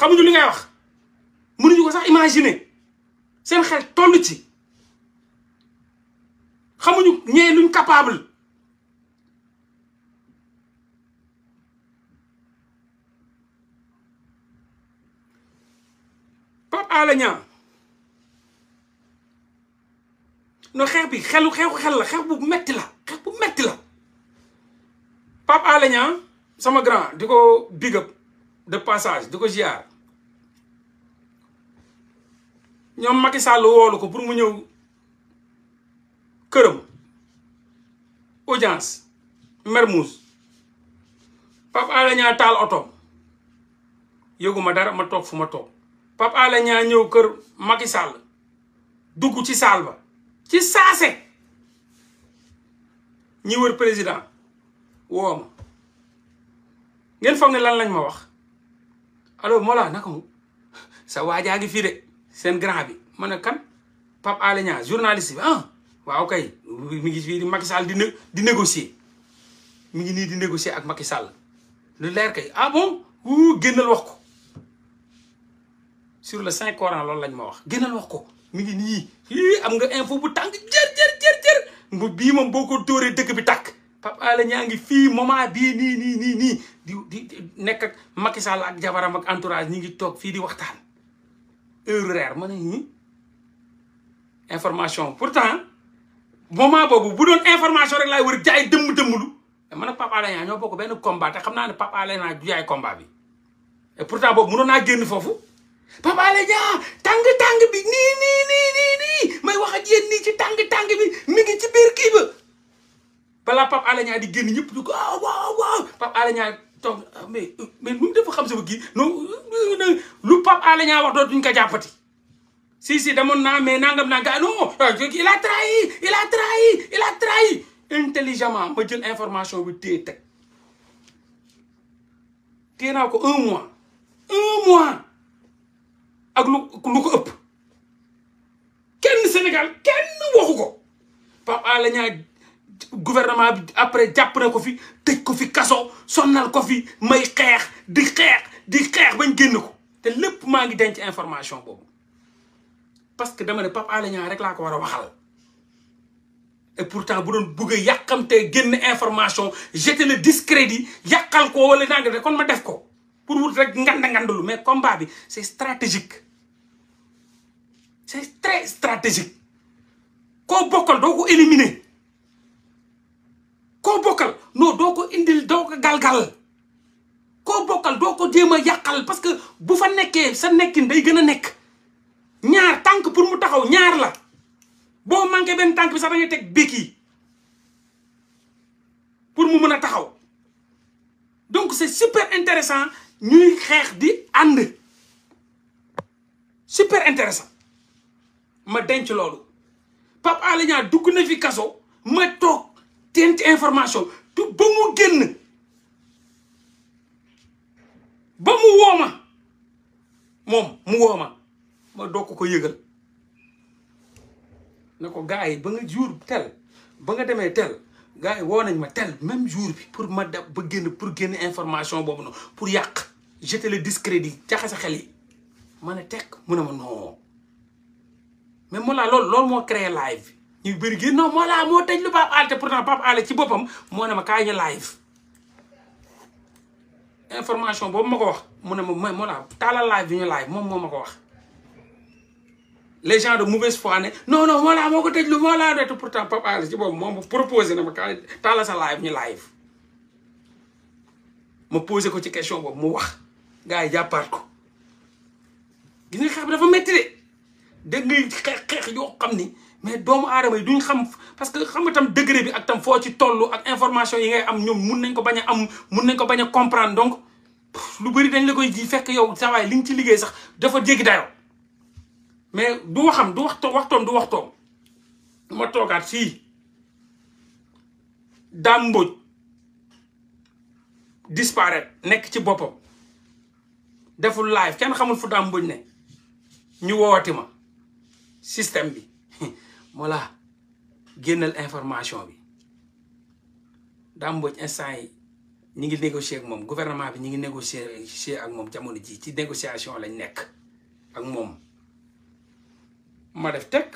xamuñu li ngay wax mënuñu ko sax imaginer seen xel toll ci xamuñu ñee luñ capable Pape Alé Niang no xeex bi xelu xeexu xel la xeex bu metti la xeex bu metti la Pape Alé Niang sama grand di ko big up de passage di ko ziar ñoom Macky Sall woolu ko pour mu ñëw këram audience Mermoz Pape Alé Niang taal oto yëguma dara ma toog fu ma toog Pape Alé Niang ñëw kër Macky Sall dugg ci saal ba ci saase ñi wër président woo ngeen foog ne lan lañ ma wax allo Mollah naka mu sa waajaa ngi fii de seen grand bi ma ne kan Pape Alé Niang journaliste bi ah waaw kay mi ngi fii di Macky Sall di né négocier mi ngi nii di négocier ak Macky Sall lu leer kay ah bon wuu génnal wax ko sur le cinq Coran loolu lañ ma wax génnal wax ko mi ngi nii ii am nga info bu tàng jër jër jër jër bu bii moom boo ko dóoree dëkk bi tàkk Pape Alé ñaa ngi fii moment bii nii nii nii nii di di nekk ak Macky Sall ak jabaram ak entourage ñi ngi toog fii di waxtaan heure reer ma ne ñii hmm? information pourtant moment boobu bu doon information rek laay wër jaay dëmm dëmmlu te man ak Pape Alé Niang ñoo bokk benn combat te xam naa ne Pape Alé Niang du jaay bi et pourtant boobu mënoon naa génn foofu Pape Alé Niang tàng tàng bi nii nii nii nii nii may wax ak yéen nii ci tàng tàng bi mi ngi ci biir kii ba balaa Pape di génn ñëpp du ko ah, waaw waaw waaw donc ah, mais mais nu mu dafa xam sama kii non euh, euh, lu Pape Alé Niang wax dootuñ ko jàppati si si demoon naa mais nangam naa ga ah, non ah, il a trahi il a trahi il a intelligemment ma jël information bi téye teg téye naa ko un mois un mois ak lu lu ëpp kenn Sénégal kenn waxu ko Pape Alé Niang gouvernement bi après jàpp ko fi tëj ko fi kaso sonnal ko fi may xeex di xeex di xeex bañ génn ko te lépp maa ngi denc information boobu parce que dama ne Pape Alé Niang rek laa ko war a waxal pour pourtant bu doon buggee a yàqamtee génn information jeter le discrédit yàqal ko wala nanga de ma def ko pour wut rek ngand ngandlu mais combat bi c'est stratégique c'est très stratégique koo bokkal doo ko éliminer koo bokkal non doo ko indi doo ko galgal koo bokkal doo ko jéem a yàqal parce que bu fa nekkee sa nekkin day gën a nekk ñaar tànk pour mu taxaw ñaar la boo manqué benn tànk bi sax da ngay teg béki pour mu mën a taxaw donc c'est super intéressant ñuy xeex di ànd super intéressant ma denc loolu Pape Alé Niang dugg na fi kaso ma toog denc information du ba mu génn ba mu wooma moom mu wooma ma dokk ko yëgal ne ko gars yi ba nga jour tel ba nga demee tel gars yi woo nañ ma tel même jour bi pour ma da ba génn pour génn information boobu noonu pour yàq jeter le discrédit jaxase xel yi ma ne teg mu ne ma non mais moo laa loolu loolu moo créé live ñu bëri gën non moo laa moo tëj lu Pape Alé te pourtant Pape ci boppam moo ne ma kaay ñu live information boobu ma ko wax mu ne ma mooy moo laa taalal live bi ñu live moom moo ma ko wax le gens de mauvaise foi ne moo laa ko tëj lu moo laa te pourtant ci moom proposé na ma kaay taalal sa ñu live ko ci question boobu mu wax gars yi jàppaat ko gis nga xeex bi dafa métti de xeex xeex yoo xam ni mais doomu aadama yi duñ xam parce que xam nga tam degré bi ak tam foo ci toll ak information yi ngay am ñoom mun nañ ko bañ a am mun nañ ko bañ a comprendre donc lu bëri dañ la koy ji fekk yow saa waay li nga ci liggéey sax dafa jéggi dayoo mais du waxam du waxto waxtoom du waxtoom ma toogaat fii Dame Mbodj disparaître nekk ci boppam deful live kenn xamul fu Dame Mbodj ne ñu woowati ma système bi Mollah génnal information bi Dame Mbodj instant yi ñu ngi négocier ak moom gouvernement bi ñu ngi négocier ak moom jamono ji ci négociation lañ nekk ak moom ma def teg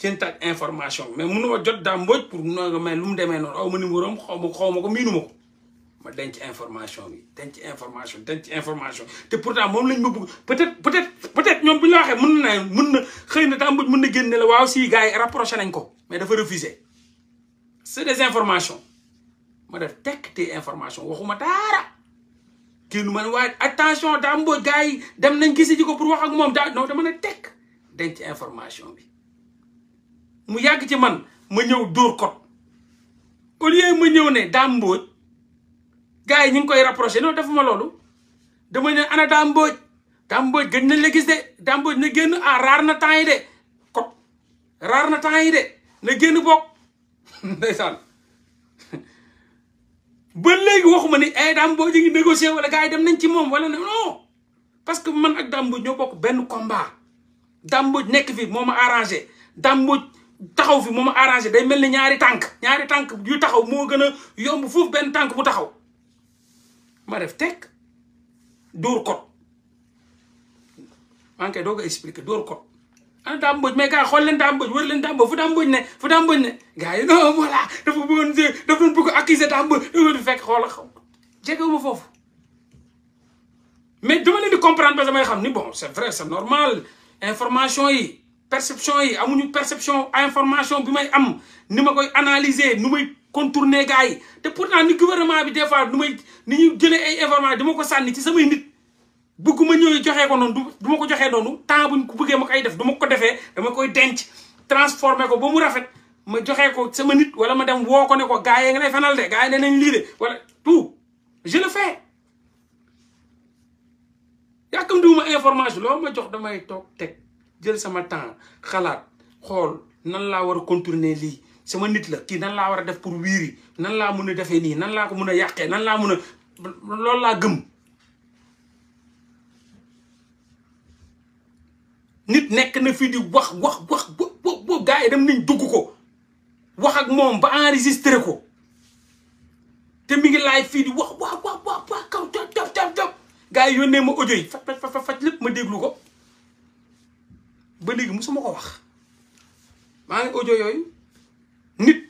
jëntaat information mais mënu ma jot Dame Mbodj pour no mais lu mu demee noonu aw ma numéro am xaw ma xaw ma ko miinu ma ko ma denc information bi denc information denc information te pourtant moom lañ ma bëgg peut-être peut-être peut-être ñoom bu ñu la waxee mën na mën na xëy na tam na génne la waaw si gars yi rapproché nañ ko mais dafa refusé c'est des informations ma def tekk te information waxuma dara génn ma ne waaye attention gars yi dem nañ gisi ji ko pour wax ak moom daa non dama ne tekk denc information bi mu yàgg ci man ma ñëw dóor kot au lieu ma ñëw ne daa mbooj gars yi ñu ngi koy rapproché non defuma loolu dama ne ana Dame Mbodj gën nañ la gis de Dame na génn ah na temps yi de kot na temps yi de na génn bokk ndeysaan ba léegi waxuma ni eh Dame Mbodj ngi négocier wala gaa yi dem nañ ci moom wala non parce que man ak Dame Mbodj ñoo bokk benn combat Dame nekk fi moo ma arrangé Dame taxaw fi moom ma arrangé day mel ni ñaari tànk ñaari tànk yu taxaw moo gën a yomb foofu benn tànk bu taxaw ma def tekk dóor kot maa ngi koy doo ko expliqué dóor kot ana Dame Mbodj mais xool leen Dame Mbodj wër leen Dame Mbodj fu Dame Mbodj ne fu Dame Mbodj ne gars yi non voilà dafa bëggoon dafa doon bëgg accuser Dame Mbodj du fekk xoola xaw jegewuma foofu mais dama leen di comprendre parce que damay xam ni bon c'est vrai c'est normal information yi perception yi amuñu perception information bi may am ni ma koy analyser nu may contourner gars yi te pour pourtant ni gouvernement bi des fois du may ni ñuy jëlee ay information ma ko sànni ci samay nit bëgguma ñëw joxee ko noonu du ma ko joxee noonu temps buñ ko bëggee ma koy def du ma ko defee dama koy denc transformer ko ba mu rafet ma joxe ko sama nit wala ma dem woo ko ne ko gars yee nga lay fanal de gars yi ne nañ lii de wala tout je le fais yàkkamtiwuma information loolu ma jox damay toog teg jël sama temps xalaat xool nan laa war a contourner lii sama nit la kii nan laa war a def pour wiiri nan laa mun a defee nii nan laa ko mun a yàqee nan laa mun a loolu laa gëm nit nekk na fii di wax wax wax bo gars yi dem nañ dugg ko wax ak moom ba enregistré ko te mi ngi laay fii di wax wax wax wax kaw jop jop jop jop yi yónnee ma audio yi faj faj faj lépp ma déglu ko ba léegi musuma ko wax maa ngi audio yooyu nit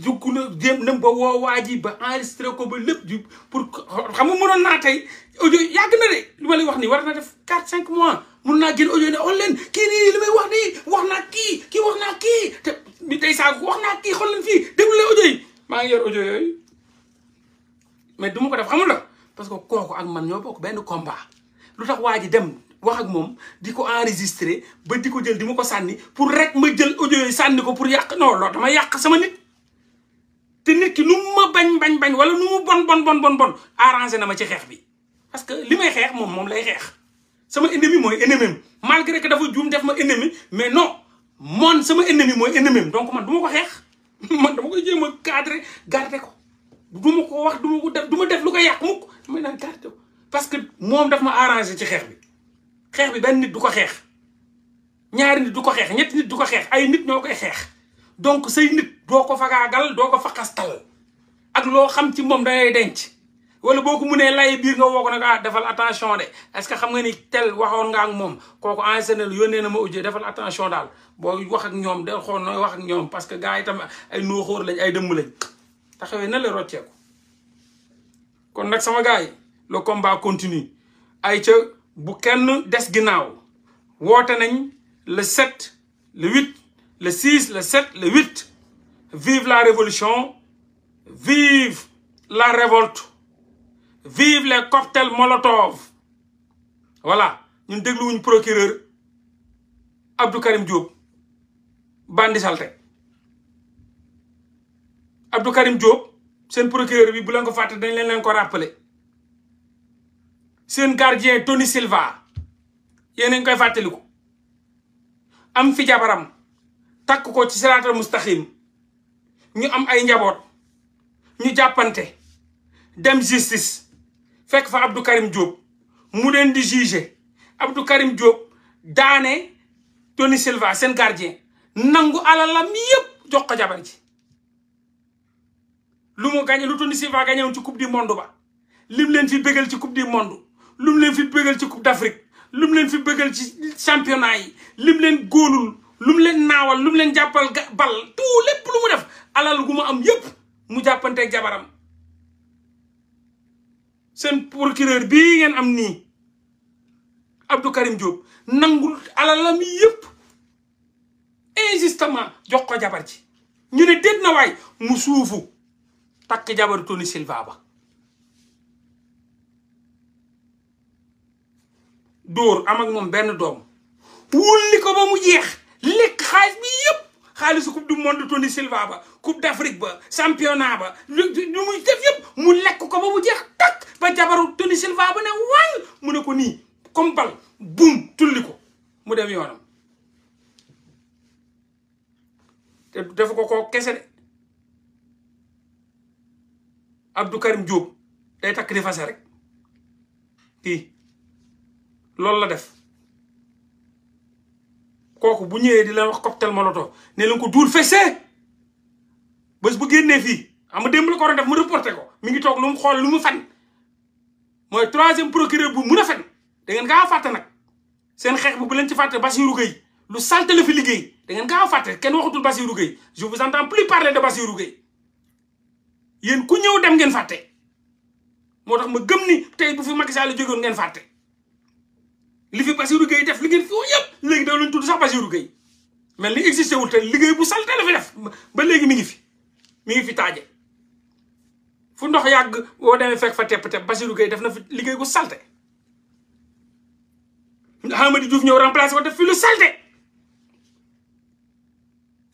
dugg na jéem na ba woo waa ji ba enregistré ko ba lépp ji pour xam nga mënoon naa tey audio yàgg na de lu ma lay wax nii war na def 4 5 mois mun naa génn audio ne on leen kii nii li may wax nii wax naa kii kii wax naa kii te mi tey saako wax naa kii xool leen fii déglu leen audio maa ngi yor audio yooyu du ma ko def xamul la parce que kooku ak man ñoo bokk benn combat lu tax waa ji dem. wax ak moom di ko enregistré ba di ko jël di ma ko sànni pour rek ma jël audio sànni ko pour yàq non loolu dama yàq sama nit. te nit ki ma bañ bañ bañ wala nu mu bon bon bon bon arrangé na ma ci xeex bi parce que li may xeex moom moom lay xeex sama ennemi mooy ennemi malgré que dafa juum def ma ennemi mais non moon sama ennemi mooy ennemi donc man du ma ko xeex man dama koy jël ma cadré garder ko. du ma ko wax du ma ko def du ma def lu ko yàq mukk damay parce que moom daf ma arrangé ci xeex bi. xeex bi benn nit du ko xeex ñaari nit du ko xeex ñetti nit du ko xeex ay nit ñoo koy xeex donc say nit doo ko fagaagal doo ko faqastal ak loo xam ci moom day denc wala boo ko mënee lay biir nga woo ko nag ah, defal attention de est que xam nga ni tel waxoon nga ak moom kooku enseigné la na ma audio defal attention daal boo wax ak ñoom del xool nooy wax ak ñoom parce que gars yi tam ay nooxóor lañ ay dëmm lañ taxawee na la rocceeku kon nag sama gars yi le combat continue ay ca bu kenn des ginnaaw woote nañ le 7 le 8 le 6 le 7 le 8 vive la révolution vive la révolte vive les cocktails molotov voilà ñun dégluwuñ procureur Abdou Karim Diop bandi salte Abdou Karim Diop seen procureur bi bu leen ko fàtte dañ leen leen ko rappeler seen gardien Tony Silva yéen a ngi koy fàttaliku am fi jabaram takk ko ci siraatal mustaxim ñu am ay njaboot ñu jàppante dem justice fekk fa Abdou Karim jóob mu leen di juger Abdou Karim Diop daane Tony Silva seen gardien nangu alalam yépp jox ko jabar ji lu mu gañe lu Tony Silva gañewoon ci coupe du monde ba lim leen fi bégal ci coupe du monde lu mu leen fi bëggal ci coupe d'Afrique lu mu leen fi bëggal ci championnat yi lu mu leen góolul lu leen naawal lu leen jàppal bal tout lépp lu mu def alal gu mu am yépp mu jàppanteeg jabaram seen procureur bii ngeen am nii Abdou Karim Diop nangul alalam yépp injustement jox ko jabar ci ñu ne déet na waay mu suufu takk jabar Tony Silva ba dóor am ak moom benn doom wulli ko ba mu jeex lekk xaalis bi yëpp xaalisu coupe du monde Tony Silva ba coupe d'Afrique ba championnat ba lu muy def yëpp mu lekk ko ba mu jeex takk ba jabaru Tony Silva ba ne wàll mu ne ko nii comme bal bum tulli ko mu dem yoonam te dafa ko koo kese de Abdou Karim day takk di rek loolu la def kooku bu ñëwee di la wax cocktail molotov ne la ko duul fessee bés bu génnee fii xam nga démb la ko war a def mu reporté ko mi ngi toog lu mu xool lu mu fen mooy troisième procureur bu mun a fen da ngeen kaa fàtte nag seen xeex bu bu leen ci fàtte Bassirou Gueye lu salte la fi liggéey da ngeen kaa fàtte kenn waxatul Bassirou Gueye je vous entends plus parler de Bassirou Gueye yéen ku ñëw dem ngeen fàtte moo tax ma gëm ni tey bu fi Macky Sall jógewoon ngeen fàtte li fi Bassirou Gueye def li ngeen fi yëpp léegi da leen tudd sax Bassirou Gueye mais li existé wul te liggéey bu salte la fi def ba léegi mi ngi fi mi ngi fi taaje fu ndox yàgg boo demee fekk fa tepp tepp Bassirou Gueye def na fi liggéey bu salte Hamadi Diouf ñëw remplacé ko def fi lu salte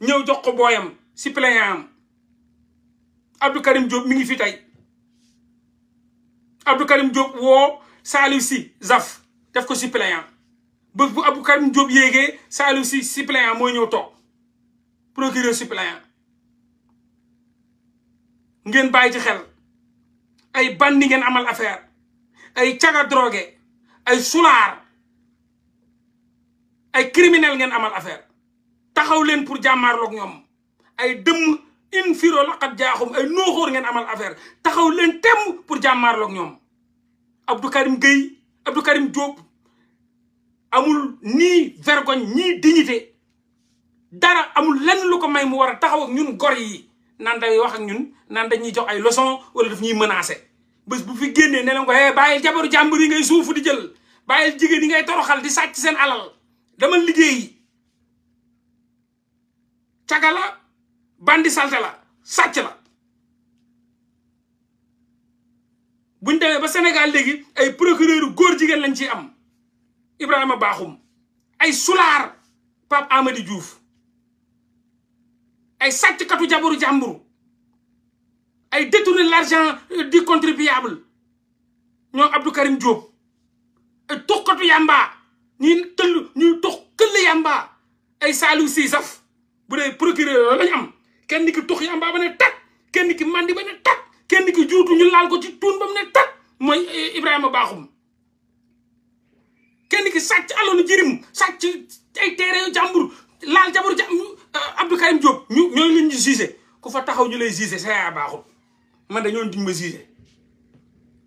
ñëw jox ko booyam suppléant am Abdou Karim Diop mi ngi fi tey Abdou Karim Diop woo Salif si Zaf def ko suppléant ba bu Abou Karim Diop yéegee Saliou si suppléant mooy ñëw toog procureur suppléant ngeen bàyyi ci xel ay bandi ngeen amal affaire ay caga drogué ay sulaar ay criminel ngeen amal affaire taxaw leen pour jàmmaarloog ñoom ay dëmm in firo laqat jaaxum ay nooxóor ngeen amal affaire taxaw leen temm pour jàmmaarloog ñoom Abdou Karim Gueye Abdou Karim Diop amul nii vergogne nii dignité dara amul lenn lu ko may mu war a taxaw ñun gor yi naan day wax ak ñun naan dañuy jox ay leçon wala daf ñuy menacer bés bu fi génnee ne leen ko eh bàyyil yi ngay suufu di jël bàyyil jigéen yi ngay toroxal di sàcc seen alal dama liggéeyi. cagala la bandi salte la sàcc la buñ demee ba Sénégal léegi ay procureur góor jigéen lañ ciy am. Ibrahima Bakhoum ay sulaar Pape Amady Diouf ay sàcckatu jaboru jàmbur ay détourner l'argent du contribuable ñoom Abdou Karim Diop ay tuxkatu yàmba ñuy tëll ñuy tux këll yàmba ay Saliou Sisaf bu dee procureur lañu am kenn ki tux yàmba ba ne tag kenn ki mandi ba ne tag kenn ki juutu ñu laal ko ci tuun ba mu ne tag mooy Ibrahima kenn ki sàcc alalu jirim sàcc ay teere jàmbur laal jabaru jàmbur euh, Abdou Karim Diop ñu ñooy leen ñu jugé ku fa taxaw ñu lay jugé sa yaay baaxul man de ñooñu duñ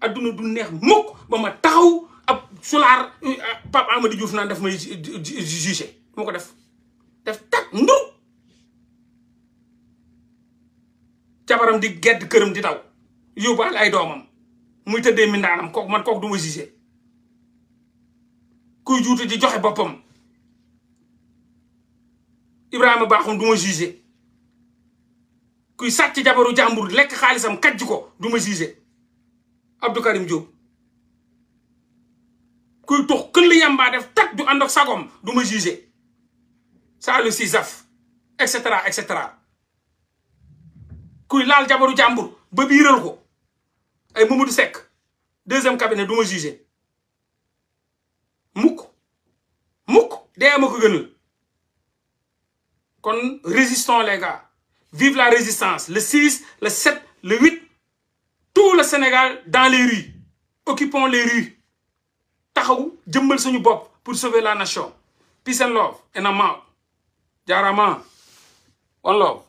adduna du neex mukk ba ma taxaw ab sulaar euh, Pape Amady Diouf naan daf may jugé moo ko def def tak ndu jabaram di gedd këram di daw yóbbaale ay doomam muy tëddee mindaanam kooku man kook du ma jugé kuy juuti di joxe boppam Ibrahima Bakhoum du ma jugé kuy sàcc jabaru jàmbur lekk xaalisam kajj ko du ma jugé Abdou kuy tux këll yamba def tag du ànd ak sagom du ma jugé Saalu si zaf et cetera kuy laal jabaru jàmbur ba biiral ko ay Mamadou Seck deuxième cabinet du ma jugé mukk mukk dee ma ko gënal kon résistons les gars vive la résistance le 6 le 7 le 8 tout le Sénégal dans les rues occupons les rues taxaw jëmmal suñu bopp pour sauver la nation peace and love and I'm out jaaraama love